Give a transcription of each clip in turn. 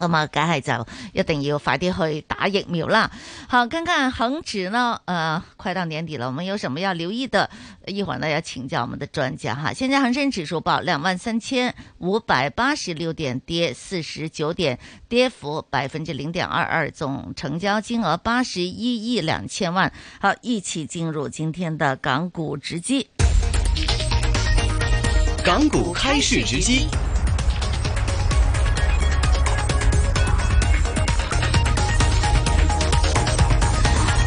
那麼，梗係就一定要快啲去打疫苗啦。好，看看恒指呢？呃，快到年底了，我們有什麼要留意的？一會兒呢要請教我們的專家哈。現在恒生指數報兩萬三千五百八十六點跌，跌四十九點，跌幅百分之零點二二，總成交金額八十一億兩千萬。好，一起進入今天的港股直擊，港股開市直擊。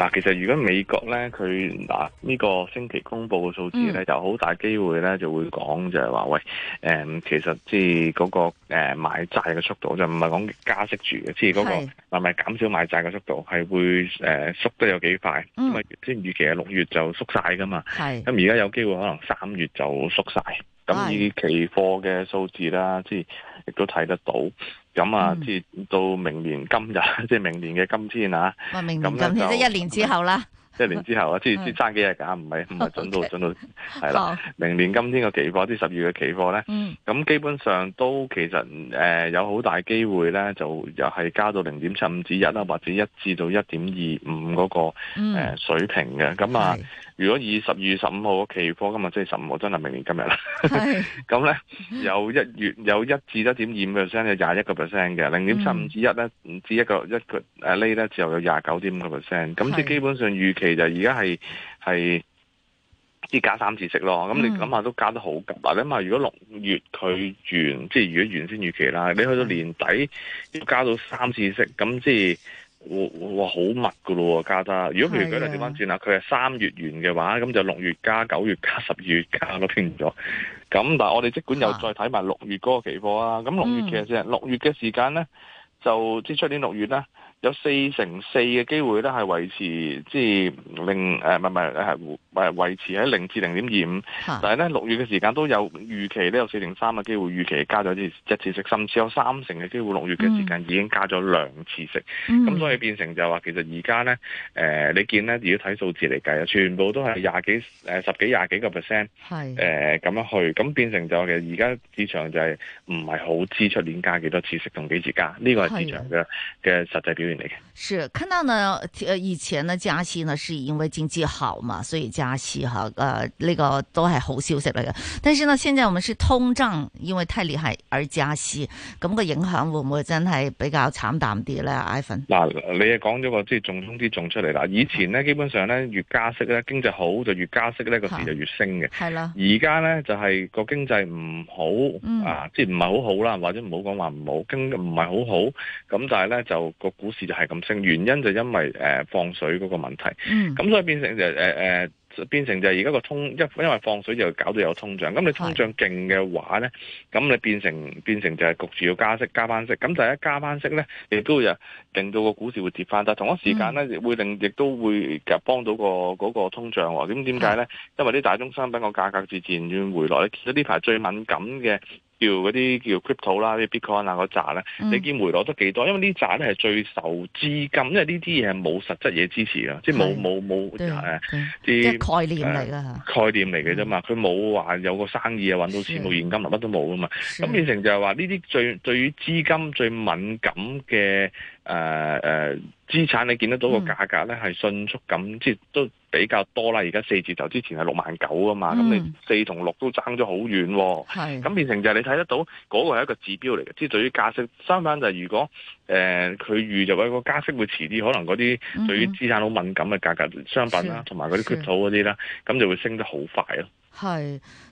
嗱，其實如果美國咧，佢嗱呢個星期公布嘅數字咧、嗯，就好大機會咧就會講就係話，喂，誒、嗯，其實即係嗰個誒、呃、買債嘅速度就唔係講加息住嘅，即係嗰個係咪減少買債嘅速度係會誒縮、呃、得有幾快？因啊、嗯，即係預期係六月就縮晒噶嘛。係咁而家有機會可能三月就縮晒。咁呢是期貨嘅數字啦，即係亦都睇得到。咁啊，至、嗯、到明年今日，即係明年嘅今天啊，咁咁就即係一年之後啦，一年之後啊，即係即爭幾日噶，唔係唔係準到準到，係啦 明年今天嘅期貨，啲十二月嘅期貨咧，咁、嗯、基本上都其實誒、呃、有好大機會咧，就又係加到零點七五至一啦，或者一至到一點二五嗰個誒水平嘅，咁、嗯、啊。如果以十二月十五號期貨，今日即係十五號，真係明年今日啦。咁咧是，有一月有一至一點二五 percent，有廿一個 percent 嘅零點十五、嗯、至一咧，五至一個一個誒，呢咧之後有廿九點五個 percent。咁即係基本上預期就而家係係即加三次息咯。咁你諗下都加得好急啊！諗下如果六月佢完，嗯、即係如果完先預期啦。你去到年底都是加到三次息，咁即係。哇，好密噶咯，加得。如果譬如佢嚟點翻轉啦，佢係三月完嘅話，咁就六月加九月加十二月加咯，唔咗。咁 但係我哋即管又再睇埋六月嗰個期貨啦、啊。咁六月其實六、嗯、月嘅時間咧，就即係出年六月啦。.有四成四嘅機會咧，係維持即係零誒，唔係唔係係維維持喺零至零點二五。但係咧，六月嘅時間都有預期呢有四成三嘅機會預期加咗一一次息，甚至有三成嘅機會六月嘅時間已經加咗兩次息。咁所、嗯、以變成就話其實而家咧誒，你見咧如果睇數字嚟計啊，全部都係廿幾誒十幾廿幾個 percent 係誒咁樣去，咁變成就其實而家市場就係唔係好知出年加幾多次息，同幾次加？呢個係市場嘅嘅的實際表現。是，看到呢，以前呢加息呢，是因為經濟好嘛，所以加息吓，誒、呃、呢、這個都係好消息嚟嘅。但是呢，現在我們是通脹因為太厲害而加息，咁、那個影響會唔會真係比較慘淡啲咧？艾芬，嗱，你又講咗個即係重通啲重出嚟啦。以前呢，基本上咧越加息咧，經濟好就越加息咧，個市就越升嘅，係啦的，而家咧就係、是、個經濟唔好、嗯、啊，即係唔係好好啦，或者唔好講話唔好，經濟唔係好好，咁但係咧就個股市。就係咁升，原因就因為誒、呃、放水嗰個問題，咁、嗯、所以變成就誒、是、誒、呃，變成就而家個通，因因為放水就搞到有通脹，咁你通脹勁嘅話咧，咁的你變成變成就係焗住要加息加班息，咁但係一加班息咧，亦的都會啊令到個股市會跌翻，但同一時間咧，嗯、會令亦都會幫到、嗰個嗰、嗰個通脹。咁點解咧？嗯、因為啲大宗商品個價格自自然回落咧，其實呢排最敏感嘅。嗯叫嗰啲叫 crypto 啦，啲 bitcoin 啊嗰扎咧，嗯、你見回落得幾多？因為呢扎咧係最受資金，因為呢啲嘢係冇實質嘢支持啊，即係冇冇冇誒啲概念嚟啦、啊、概念嚟嘅啫嘛，佢冇話有個生意啊，揾到錢冇現金乜是都冇啊嘛，咁變是成就係話呢啲最對於資金最敏感嘅。誒誒，資、呃、產你見得到個價格咧，係、嗯、迅速咁，即係都比較多啦。而家四字頭之前係六萬九啊嘛，咁、嗯、你四同六都爭咗好遠，係咁是變成就係你睇得到嗰、那個係一個指標嚟嘅。即係對於加息，相反就係如果誒佢預就一個加息會遲啲，可能嗰啲對於資產好敏感嘅價格、嗯、商品啦、啊、同埋嗰啲缺土嗰啲啦，咁是就會升得好快咯。係。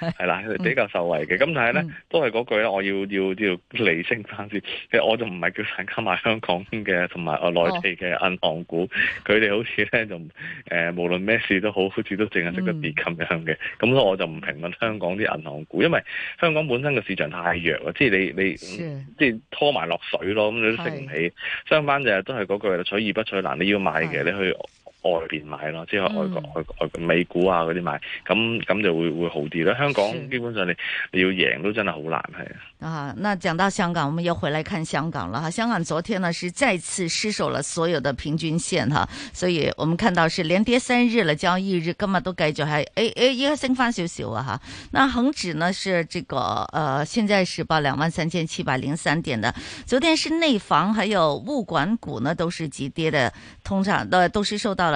係啦，比較受惠嘅，咁、嗯、但係咧、嗯、都係嗰句咧，我要要要理清翻先。其實我就唔係叫大家買香港嘅，同埋啊內地嘅銀行股，佢哋、哦、好似咧就誒、呃，無論咩事都好，好似都淨係識得跌咁樣嘅。咁所以我就唔評論香港啲銀行股，因為香港本身嘅市場太弱啦，即係你你，你、嗯、即係拖埋落水咯，咁你都食唔起。是相反就都係嗰句，取易不取難，你要買嘅，是你去。外邊買咯，即係外國外外美股啊嗰啲買，咁咁就會會好啲啦。香港基本上你是你要贏都真係好難係啊。啊，那講到香港，我們又回來看香港啦。香港昨天呢是再次失守了所有的平均線哈，所以我們看到是連跌三日了，交易日今日都繼續係哎哎，應、哎、該升翻少少啊。那恒指呢是這個誒、呃、現在是報兩萬三千七百零三點的，昨天是內房還有物管股呢都是急跌的，通常都都是受到了。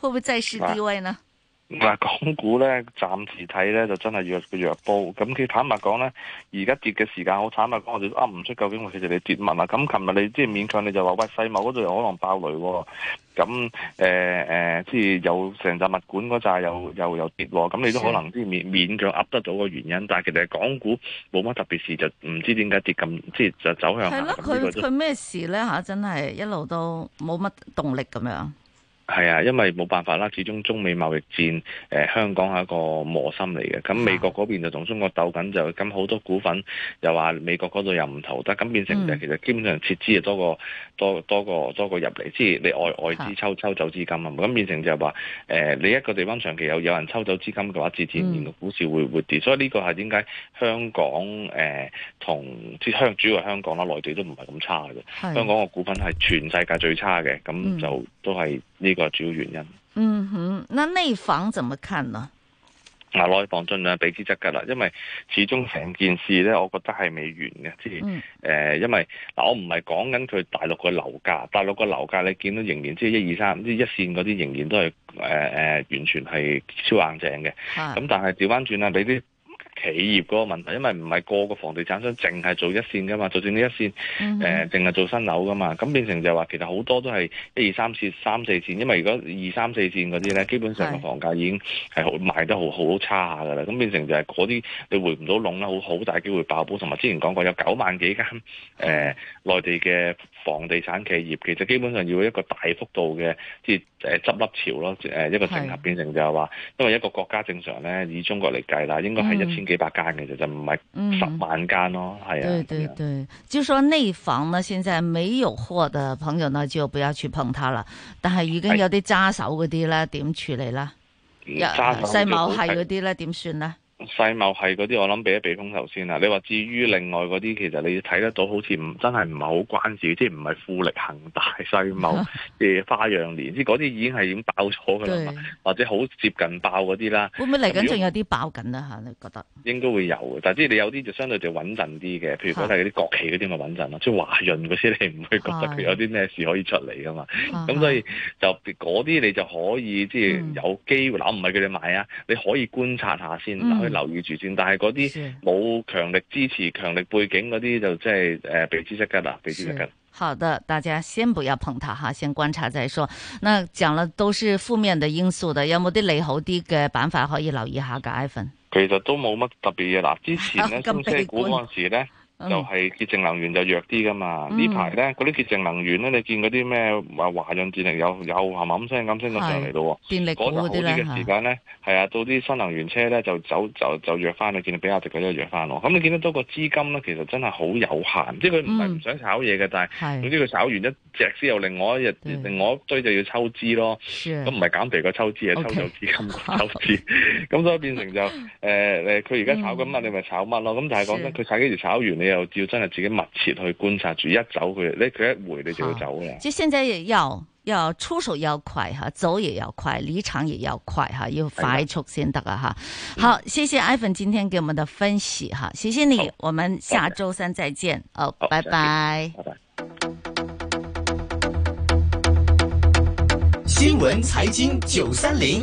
會唔會再試低位呢？嗱、啊，港股咧，暫時睇咧就真係弱弱波。咁佢坦白講咧，而家跌嘅時間，好坦白講，我哋噏唔出究竟係其實跌你跌乜啊？咁琴日你即係勉強你就話喂，世茂嗰度有可能爆雷、哦。咁誒誒，即係有成隻物管嗰紮又又又跌。咁你都可能即係的勉勉強噏得到個原因。但係其實港股冇乜特別事，就唔知點解跌咁，即係就走向下。係咯的，佢佢咩事咧吓、啊？真係一路都冇乜動力咁樣。係啊，因為冇辦法啦，始終中美貿易戰，誒、呃，香港係一個磨心嚟嘅。咁美國嗰邊就同中國鬥緊，就咁好多股份又話美國嗰度又唔投得，咁變成就其實基本上撤資就多過、嗯、多個多過多過入嚟，即係你外外資抽的抽走資金啊，咁變成就話誒、呃，你一個地方長期有有人抽走資金嘅話，自然個股市會回跌。嗯、所以呢個係點解香港誒、呃，同即香主要係香港啦，內地都唔係咁差嘅。的香港個股份係全世界最差嘅，咁就都係呢。嗯個主要原因，嗯哼，那內房怎麼看呢？嗱，內房盡量俾資質噶啦，因為始終成件事呢，我覺得係未完嘅，即係誒，因為嗱，我唔係講緊佢大陸嘅樓價，大陸嘅樓價你見到仍然即係一二三，即係一線嗰啲仍然都係誒誒，完全係超硬淨嘅，咁、啊、但係調翻轉啦，你啲。企業嗰個問題，因為唔係個個房地產商淨係做一線噶嘛，就算呢一線誒淨係做新樓噶嘛，咁變成就話其實好多都係一二三線、三四線，因為如果二三四線嗰啲咧，基本上個房價已經係賣得好好差下噶啦，咁變成就係嗰啲你回唔到籠啦，好好大機會爆煲。同埋之前講過有，有九萬幾間誒內地嘅房地產企業，其實基本上要一個大幅度嘅即係誒執笠潮咯，誒一個整合，變成就係話因為一個國家正常咧，以中國嚟計啦，應該係一千。幾百間其實就唔係十萬間咯，係、嗯嗯、啊。對對對，就說內房呢，現在沒有貨的朋友呢，就不要去碰它啦。但係已經有啲揸手嗰啲是呢，點處理啦？細有某系嗰啲呢，點算呢？世茂係嗰啲，我諗俾一避風頭先啦。你話，至於另外嗰啲，其實你睇得到，好似唔真係唔係好關注，即係唔係富力、恒大、世茂、嘅 花樣年，即嗰啲已經係已經爆咗噶啦，對或者好接近爆嗰啲啦。會唔會嚟緊仲有啲爆緊啦吓，果你覺得？應該會有，但係即係你有啲就相對就穩陣啲嘅，譬如果係嗰啲國企嗰啲咪穩陣咯，即係華潤嗰啲你唔會覺得佢有啲咩事可以出嚟噶嘛。咁的所以就嗰啲你就可以即係的有機會，嗱唔係叫你買啊，你可以觀察下先。嗯嗯、留意住先，但係嗰啲冇強力支持、強是力背景嗰啲、就是，就即係誒避之則吉噶啦，避之則吉噶。好的，大家先不要碰它哈，先觀察再說。那講了都是負面的因素的，有冇啲利好啲嘅辦法可以留意下噶？艾芬，其實都冇乜特別嘢。嗱，之前咧中西股嗰陣時咧。就係潔淨能源就弱啲噶嘛？呢排咧，嗰啲潔淨能源咧，你見嗰啲咩話華潤電力有有冇冇聲咁升咗上嚟咯？電力嗰陣啲嘅時間咧，係啊，到啲新能源車咧就走就就弱翻啦，見到比亞迪咧弱翻咯。咁你見得多個資金咧，其實真係好有限，即係佢唔係唔想炒嘢嘅，但係總之佢炒完一隻先，又另外一日另外一堆就要抽資咯。咁唔係減肥個抽資，係抽走資金抽資。咁所以變成就誒誒，佢而家炒緊乜，你咪炒乜咯。咁但係講真，佢炒幾時炒完又要真係自己密切去觀察住，一走佢，你佢一回你就要走嘅。即係現在也要要出手要快哈，走也要快，離場也要快哈，要快速先得啊！哈、哎呀，好，謝謝 Ivan 今天給我們的分析哈，謝謝你，好我們下周三再見哦好拜，拜拜，拜拜。新聞財經九三零。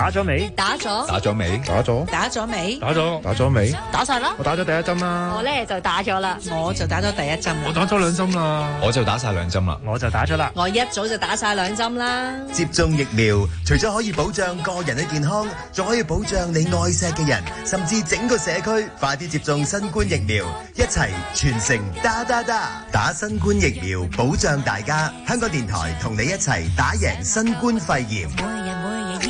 打咗未？打咗。打咗未？打咗。打咗未？打咗。打咗未？打晒啦！我打咗第一針啦。我呢就打咗啦，我就打咗第一針啦。我打咗兩針啦，我就打晒兩針啦。我就打咗啦，我一早就打晒兩針啦。接種疫苗，除咗可以保障個人嘅健康，仲可以保障你愛錫嘅人，甚至整個社區。快啲接種新冠疫苗，一齊全城打打打，打新冠疫苗保障大家。香港電台同你一齊打贏新冠肺炎。每日每夜。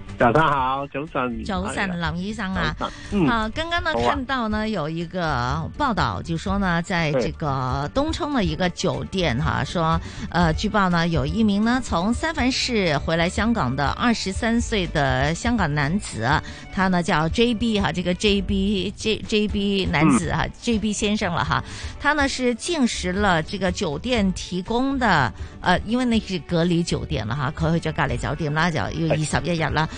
大家好，早晨，早晨，林醫生啊，嗯，啊，剛剛呢，啊、看到呢，有一個報道，就是、說呢，在這個東涌的一個酒店、啊，哈對，說，呃，據報呢，有一名呢，從三藩市回來香港的二十三歲的香港男子，他呢叫 J B，哈、啊，這個 J B J J B 男子，哈、嗯啊，J B 先生了，哈，他呢是進食了這個酒店提供的，呃，因為那是隔離酒店了，哈，哎、佢去咗隔離酒店啦，就又二十一日了。哎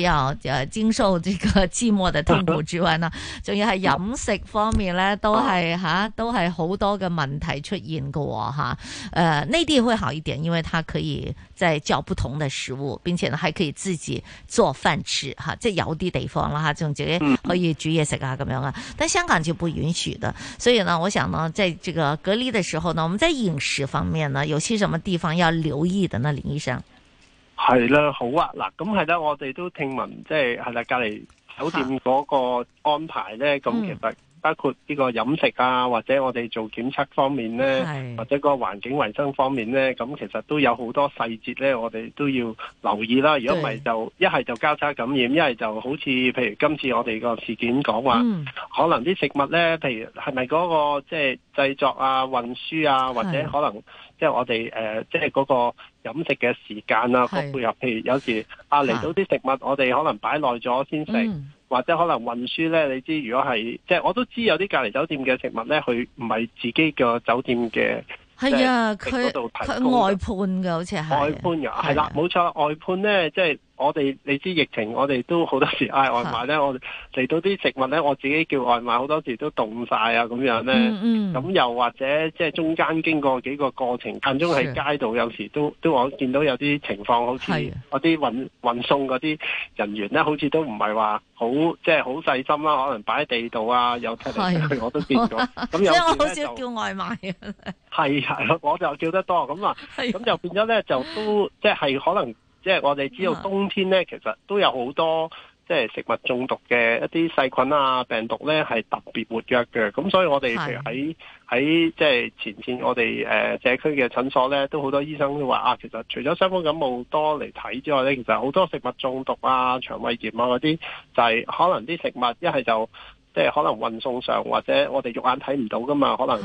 要經受這個寂寞的痛苦之外呢，仲要係飲食方面呢，都係吓，都係好多嘅問題出現嘅喎，哈、呃，內地會好一點，因為它可以再叫不同的食物，並且呢還可以自己做飯吃，哈，即有啲地方啦，哈，仲可以可以煮嘢食啊，咁樣啊，但香港就不允許的，所以呢，我想呢，在這個隔離的時候呢，我們在飲食方面呢，有些什麼地方要留意的呢，林醫生？係啦，好啊，嗱，咁係啦，我哋都聽聞，即係係啦，隔離酒店嗰個安排咧，咁、啊、其實包括呢個飲食啊，或者我哋做檢測方面咧，的或者個環境衛生方面咧，咁其實都有好多細節咧，我哋都要留意啦。如果唔係就一係對就交叉感染，一係就好似譬如今次我哋個事件講話，嗯、可能啲食物咧，譬如係咪嗰個即係製作啊、運輸啊，的或者可能。即係我哋誒、呃，即係嗰個飲食嘅時間啊，個配合。譬如有時啊，嚟到啲食物，啊、我哋可能擺耐咗先食，嗯、或者可能運輸咧。你知如果係，即係我都知有啲隔離酒店嘅食物咧，佢唔係自己個酒店嘅，啊、即係嗰度提供嘅。外判嘅好似係。外判嘅係啦，冇、啊啊啊、錯，外判咧，即係。我哋你知疫情，我哋都好多時嗌外賣咧。的我哋嚟到啲食物咧，我自己叫外賣，好多時都凍晒啊咁樣咧。咁、嗯嗯、又或者即係中間經過幾個過程，間中喺街道有時都的都，都我見到有啲情況，好似我啲運的運送嗰啲人員咧，好似都唔係話好即係好細心啦。可能擺喺地度啊，有踢嚟踢去，的我都變咗。咁 有時因為我好少叫外賣啊。係係，我就叫得多咁啊。咁的就變咗咧，就都即係可能。即係我哋知道冬天呢、嗯、其實都有好多即係、就是、食物中毒嘅一啲細菌啊、病毒呢係特別活躍嘅。咁所以我哋喺喺即係前綫，我哋誒社區嘅診所呢都好多醫生都話啊，其實除咗傷風感冒多嚟睇之外呢，其實好多食物中毒啊、腸胃炎啊嗰啲，就係、是、可能啲食物一係就即係、就是、可能運送上或者我哋肉眼睇唔到噶嘛，可能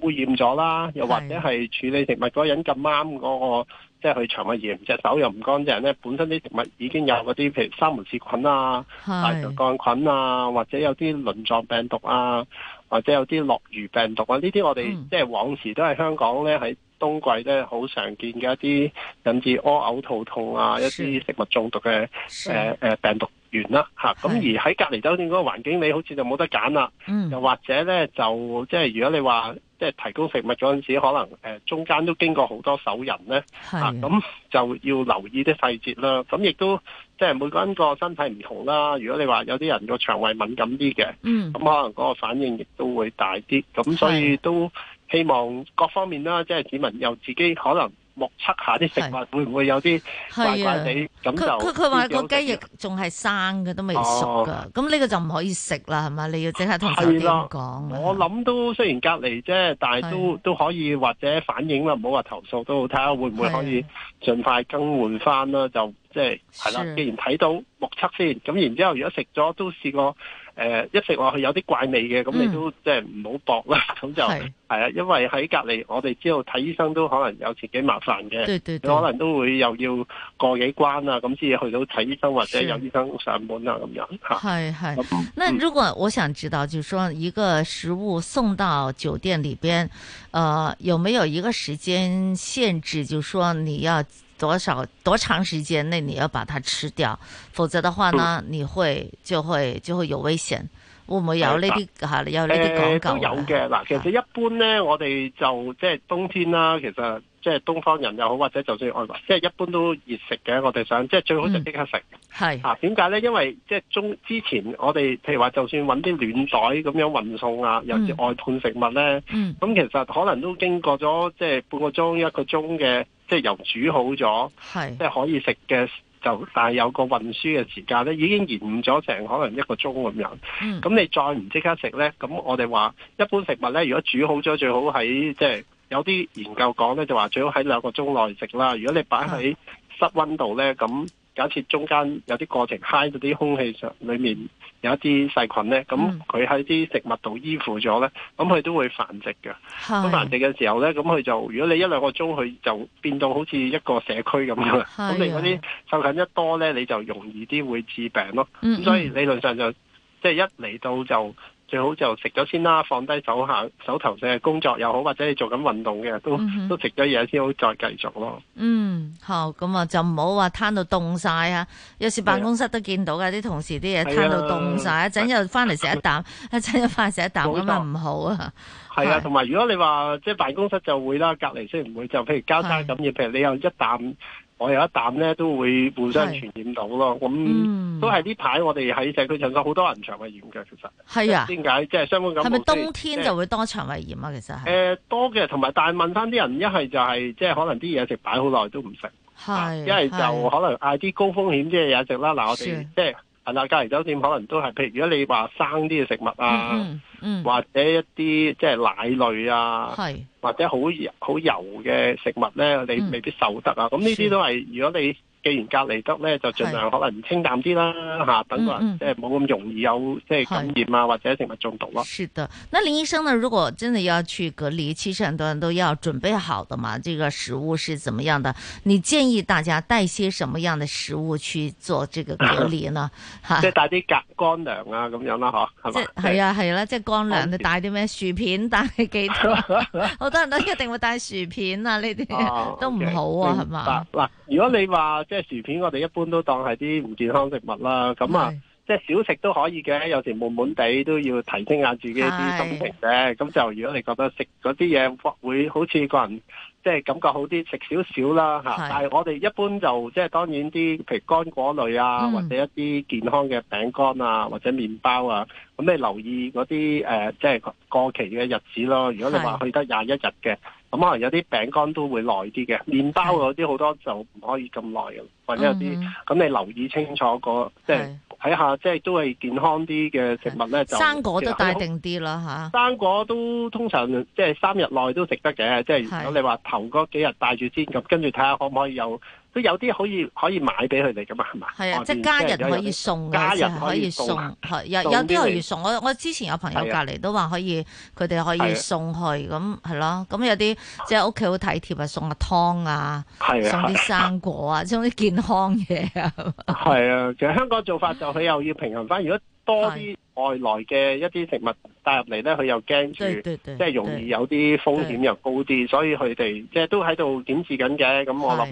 污染咗啦，是又或者係處理食物嗰個人咁啱嗰個。即係去腸胃炎，唔隻手又唔乾淨咧，本身啲食物已經有嗰啲譬如沙門氏菌啊、是大腸桿菌啊，或者有啲輪狀病毒啊，或者有啲諾如病毒啊，呢啲我哋、嗯、即係往時都係香港咧喺冬季咧好常見嘅一啲引致屙嘔、肚痛啊，是一啲食物中毒嘅是、呃、病毒源啦、啊、咁是而喺隔離酒店嗰個環境，你好似就冇得揀啦。嗯、又或者咧，就即係如果你話，即係提供食物嗰陣時，可能誒中間都經過好多手人咧，咁的、啊、就要留意啲細節啦。咁亦都即係、就是、每個人個身體唔同啦。如果你話有啲人個腸胃敏感啲嘅，咁、嗯、可能嗰個反應亦都會大啲。咁所以都希望各方面啦，即係市民又自己可能。目測下啲食物是會唔會有啲怪怪地？咁的就佢佢佢話個雞翼仲係生嘅都未熟㗎。咁呢、哦、個就唔可以食啦，係咪？你要即係同有啲講我諗的的都雖然隔離啫，但係都的都可以或者反映啦，唔好話投訴都睇下會唔會可以盡快更換翻啦的，就即係係啦。的既然睇到目測先，咁然之後如果食咗都試過。誒、呃，一食落去有啲怪味嘅，咁你都、嗯、即係唔好搏啦。咁就係啊，是因為喺隔籬，我哋知道睇醫生都可能有自己麻煩嘅，你可能都會又要過幾關啊，咁先至去到睇醫生或者有醫生上門啊咁是樣吓。係係。嗯、那如果我想知道，就係說一個食物送到酒店裏邊，誒、呃，有冇有一個時間限制？就係說你要。多少多長時間內你要把它吃掉，否則的話呢，你會就會就會有危險。會唔會有呢啲吓，要呢啲講究？都有嘅嗱。其實一般呢，我哋就即係冬天啦。其實即係東方人又好，或者就算外國，即係一般都熱食嘅。我哋想即係最好就即刻食。係啊，點解呢？因為即係中之前我哋譬如話，就算揾啲暖袋咁樣運送啊，尤其外判食物呢，咁其實可能都經過咗即係半個鐘一個鐘嘅。即係由煮好咗，是即係可以食嘅，就但係有個運輸嘅時間咧，已經延誤咗成可能一個鐘咁樣。咁、嗯、你再唔即刻食咧，咁我哋話一般食物咧，如果煮好咗，最好喺即係有啲研究講咧，就話最好喺兩個鐘內食啦。如果你擺喺室溫度咧，咁。假設中間有啲過程 high 咗啲空氣上裏面有一啲細菌咧，咁佢喺啲食物度依附咗咧，咁佢都會繁殖嘅。咁是繁殖嘅時候咧，咁佢就，如果你一兩個鐘，佢就變到好似一個社區咁樣。咁的你嗰啲細菌一多咧，你就容易啲會致病咯。嗯、咁所以理論上就即係、就是、一嚟到就。最好就食咗先啦，放低手下手頭上嘅工作又好，或者你做緊運動嘅，都、嗯、哼都食咗嘢先好再繼續咯。嗯，好，咁啊，就唔好話攤到凍晒啊！有時辦公室都見到噶，啲的同事啲嘢攤到凍晒，的一陣的又翻嚟食一啖，一陣又翻嚟食一啖，咁啊唔好啊。係啊的，同埋的如果你話即係辦公室就會啦，隔離雖然唔會，就譬如交叉咁嘢，譬如你又一啖。我有一啖咧，都會互相傳染到咯。咁是、嗯、都係呢排，我哋喺社區診所好多人腸胃炎嘅，其實係啊。點解即係相關感冒？係咪冬天，就是、冬天就會多腸胃炎啊？其實係誒、呃、多嘅，同埋但係問翻啲人，一係就係即係可能啲嘢食擺好耐都唔食，係一係就可能嗌啲高風險啲嘢食啦。嗱是，我哋即係。係啦，隔離酒店可能都係，譬如如果你話生啲嘅食物啊，嗯嗯、或者一啲即係奶類啊，是或者好好油嘅食物咧，你未必受得啊。咁呢啲都係，是如果你。既然隔離得咧，就儘量可能清淡啲啦，嚇，等個人即係冇咁容易有即係感染啊，或者食物中毒咯。是的，那林醫生呢？如果真的要去隔離，其實很多人都要準備好的嘛，這個食物是怎麼樣的？你建議大家帶些什麼樣的食物去做這個隔離呢？嚇！即係帶啲隔乾糧啊，咁樣啦，嚇，係咪？即係係啊，係啦，即係乾糧，你帶啲咩？薯片，帶幾多？好多人都一定會帶薯片啊，呢啲都唔好啊，係嘛？嗱嗱，如果你話即係薯片，我哋一般都當係啲唔健康食物啦。咁啊，即係少食都可以嘅，有時悶悶地都要提升下自己啲心情啫。咁是就如果你覺得食嗰啲嘢會好似個人即係、就是、感覺好啲，食少少啦吓。是但係我哋一般就即係、就是、當然啲，譬如乾果類啊，嗯、或者一啲健康嘅餅乾啊，或者麵包啊，咁你留意嗰啲誒，即、呃、係、就是、過期嘅日子咯。如果你話去得廿一日嘅。咁、嗯、可能有啲餅乾都會耐啲嘅，麵包嗰啲好多就唔可以咁耐嘅，的或者有啲咁、嗯嗯、你留意清楚個，即係睇下即係、就是、都係健康啲嘅食物咧，生的就果都帶定啲啦吓，生果都通常即係、就是、三日內都食得嘅，即、就、係、是、如果你話頭嗰幾日帶住先咁，的跟住睇下可唔可以有。都有啲可以可以買俾佢哋噶嘛，係嘛？係啊，即係家人可以送嘅，家人可以送。係有有啲可以送。我我之前有朋友隔籬都話可以，佢哋可以送去咁係咯。咁有啲即係屋企好體貼啊，送下湯啊，送啲生果啊，送啲健康嘢啊。係啊，其實香港做法就佢又要平衡翻，如果多啲外來嘅一啲食物帶入嚟咧，佢又驚住，即係容易有啲風險又高啲，所以佢哋即係都喺度檢視緊嘅。咁我諗。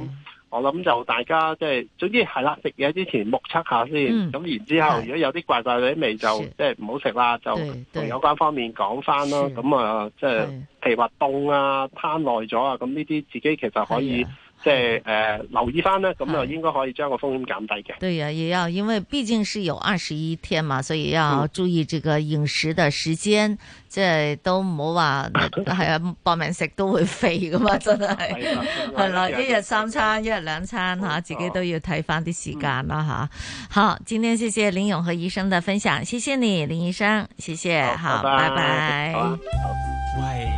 我諗就大家即係，總之係啦，食嘢之前目測下先，咁、嗯、然之後是如果有啲怪怪哋味就即係唔好食啦，就同有關方面講翻咯咁啊，即係譬是如話凍啊、攤耐咗啊，咁呢啲自己其實可以、啊。即係誒，留意翻呢，咁就應該可以將個風險減低嘅。對啊，也要因為畢竟是有二十一天嘛，所以要注意這個飲食的時間，即係、嗯、都唔好話係啊，搏命， 食都會肥噶嘛，真係係啦，一日三餐、一日兩餐，吓、嗯、自己都要睇翻啲時間啦，吓、嗯。好，今天謝謝林永和醫生的分享，謝謝你，林醫生，謝謝，好，好拜拜。拜拜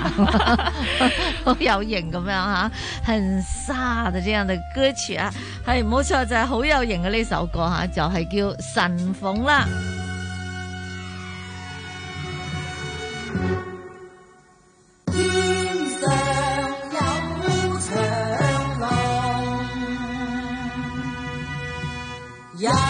好有型咁樣吓，很颯嘅一樣嘅歌曲啊，係冇錯就係、是、好有型嘅呢首歌吓，就係、是、叫神鳳啦。了天上有長龍。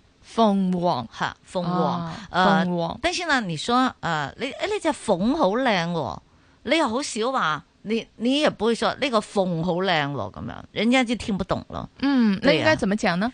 鳳凰吓鳳凰，誒，但是先你說誒、呃，你誒呢隻鳳好靚，你又好少話、哦，你你又不會說呢、呢個鳳好靚咯咁樣，人家就聽不懂咯。嗯，啊、那應該怎麼講呢？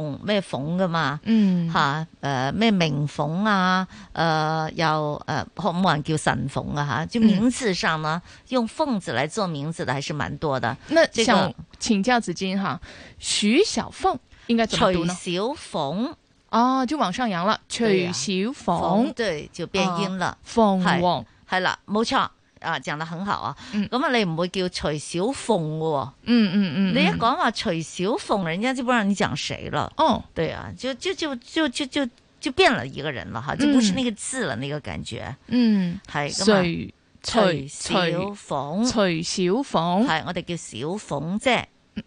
咩鳳㗎嘛，吓、嗯，誒咩明鳳啊，誒又誒唔冇人叫神鳳啊，吓，就名字上呢、嗯、用鳳字嚟做名字嘅還是蠻多的。那、這個、想請教子矜吓，徐小鳳應該點讀呢？徐小鳳，哦、啊、就往上揚啦，徐小鳳、啊，對就變音了，啊、鳳凰係啦，冇錯。啊，講得很好啊，咁啊、嗯，你唔會叫徐小鳳嘅、哦嗯，嗯嗯嗯，你一講話徐小鳳，人家基本上你講死啦，哦，對啊，就就就就就就就變了一個人啦，吓，就不是那個字啦，嗯、那個感覺，嗯，係徐徐小鳳，徐小鳳，係我哋叫小鳳姐，嗯、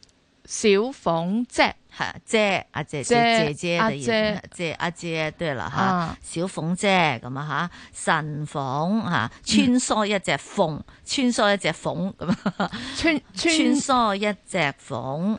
小鳳姐。係姐，阿姐，姐，姐,姐姐，阿姐，姐，即係阿姐，對啦吓，小鳳姐咁啊吓，神鳳吓，穿梭一隻鳳，嗯、穿梭一隻鳳咁，穿,穿,穿梭一隻鳳。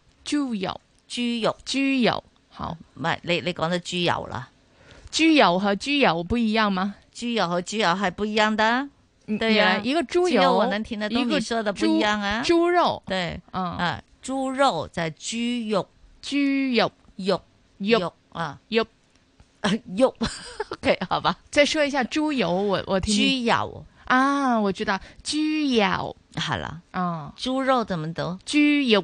豬油、豬肉、豬油，好，唔係你你講到豬油啦，豬油和豬油不一樣嗎？豬油和豬油係不一樣的，對呀，一個豬油，我能聽得懂你說的不一樣啊，豬肉，對，啊，豬肉再豬肉，豬肉肉肉啊，肉肉，OK，好吧，再說一下豬油，我我聽豬油啊，我知道豬油，好了，嗯，豬肉怎麼讀？豬肉。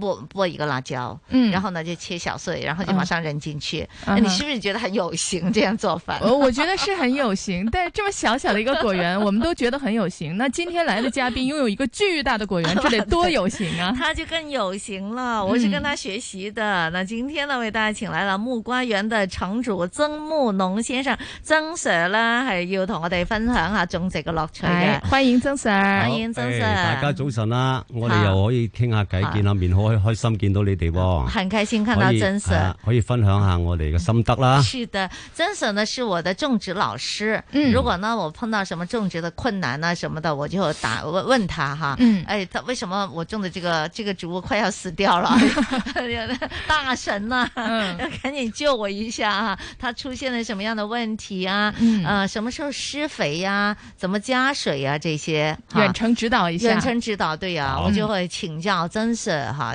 剝剝一個辣椒，嗯，然後呢就切小碎，然後就馬上扔進去。那、嗯啊、你是不是覺得很有型這樣做法。我我覺得是很有型。 但這麼小小的一個果園， 我們都覺得很有型。那今天來的嘉賓擁有一個巨大的果園，這得多有型啊！他就更有型了。我是跟他學習的。嗯、那今天呢，為大家請來了木瓜園的場主曾慕農先生曾 Sir 啦，係要同我哋分享下種植嘅樂趣嘅、哎。歡迎曾 Sir，好歡迎曾 Sir。哎、大家早晨啦，我哋又可以傾下偈，好見下面開。很開心見到你哋、哦，很開心看到曾 Sir，可，、啊、可以分享下我哋嘅心得啦。是的，曾 Sir 呢，是我的種植老師。嗯、如果呢，我碰到什麼種植的困難啊，什麼的，我就打問問他哈。嗯，哎，他為什麼我種的這個這個植物快要死掉了？ 大神啊，要、嗯、趕緊救我一下。他出現了什麼樣的問題啊？嗯啊，什麼時候施肥呀、啊？怎麼加水呀、啊？這些遠程指導一下，遠程指導對呀、啊，好我就會請教曾 Sir 哈。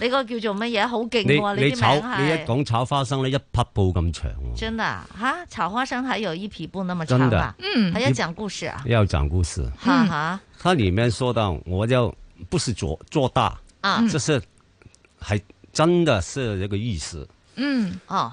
你這個叫做乜嘢？好勁喎、哦！你炒你，你一講炒花生咧，一匹布咁長喎。真㗎！嚇炒花生係有一匹布咁長啊，炒啊！真的嗯，仲要講故事啊。要講故事。哈、嗯、哈。佢裡面說到我就，不是做做大，啊，就是還真的是呢個意思。嗯哦。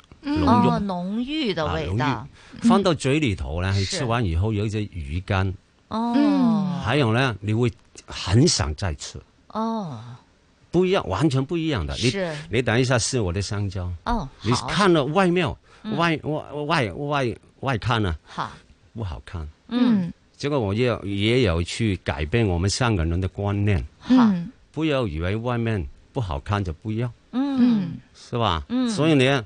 濃郁的味道，放到嘴裏頭呢，吃完以後有一些餘甘。哦，還有呢，你會很想再吃。哦，不一樣，完全不一樣的。你你等一下，試我的香蕉哦，你看了外面外外外外外看啊。不好看？嗯，這個我亦也有去改變我們香港人的觀念，哈。不要以為外面不好看就不要，嗯，是吧？嗯，所以呢。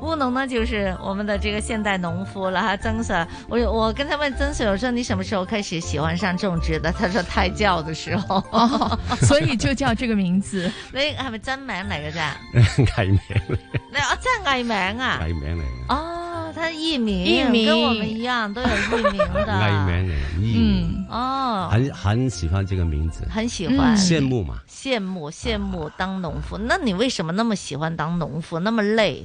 務農呢，就是我們的這個現代農夫了哈，曾 Sir，我我跟他問曾 Sir，我說你什麼時候開始喜歡上種植的？他說胎教的時候哦，所以就叫這個名字。你係咪真名嚟噶？啫改名嚟。啊真改名啊。藝名哦，他藝名，藝名跟我們一樣都有藝名的。藝名嚟，藝名。哦，很很喜歡這個名字。很喜歡。羨慕嘛？羨慕羨慕當農夫。那你為什麼那麼喜歡當農夫？那麼累。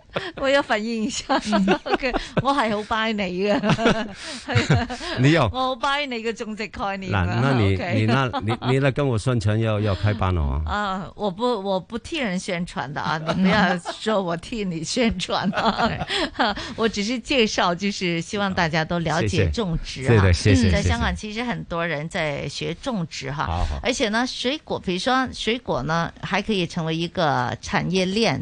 我有份現身，我係好 b 一個你有，我好拜 u y 你嘅種植概念啊。嗱，你你那你你嚟，跟我宣傳，要要開班哦。啊，我不我不替人宣傳的啊，你不要說我替你宣傳啊。我只是介紹，就是希望大家都了解種植啊。在香港其實很多人在學種植哈，而且呢，水果，比如說水果呢，還可以成為一個產業鏈。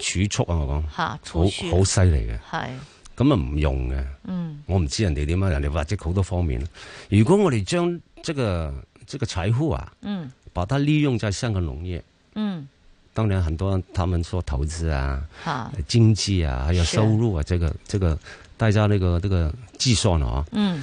儲蓄啊，我講，好好犀利嘅，咁啊唔用嘅，嗯、我唔知人哋點啊，人哋或者好多方面，如果我哋將這個這個、財富啊，嗯、把它利用在香港農業，嗯、當然很多，他們做投資啊，哈經濟啊，還有收入啊，這個這個大家呢個那個計算、這個、啊。嗯